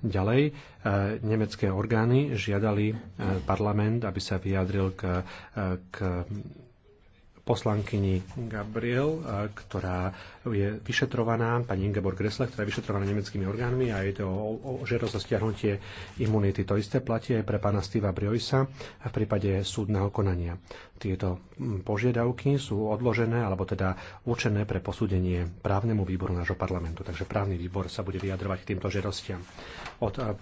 Ďalej, e, nemecké orgány žiadali e, parlament, aby sa vyjadril k, e, k poslankyni Gabriel, ktorá je vyšetrovaná, pani Ingeborg Gressle, ktorá je vyšetrovaná nemeckými orgánmi a je to o, o žiadosť o stiahnutie imunity. To isté platí aj pre pána Steva Briojsa v prípade súdneho konania. Tieto požiadavky sú odložené alebo teda určené pre posúdenie právnemu výboru nášho parlamentu. Takže právny výbor sa bude vyjadrovať k týmto žiadostiam. Od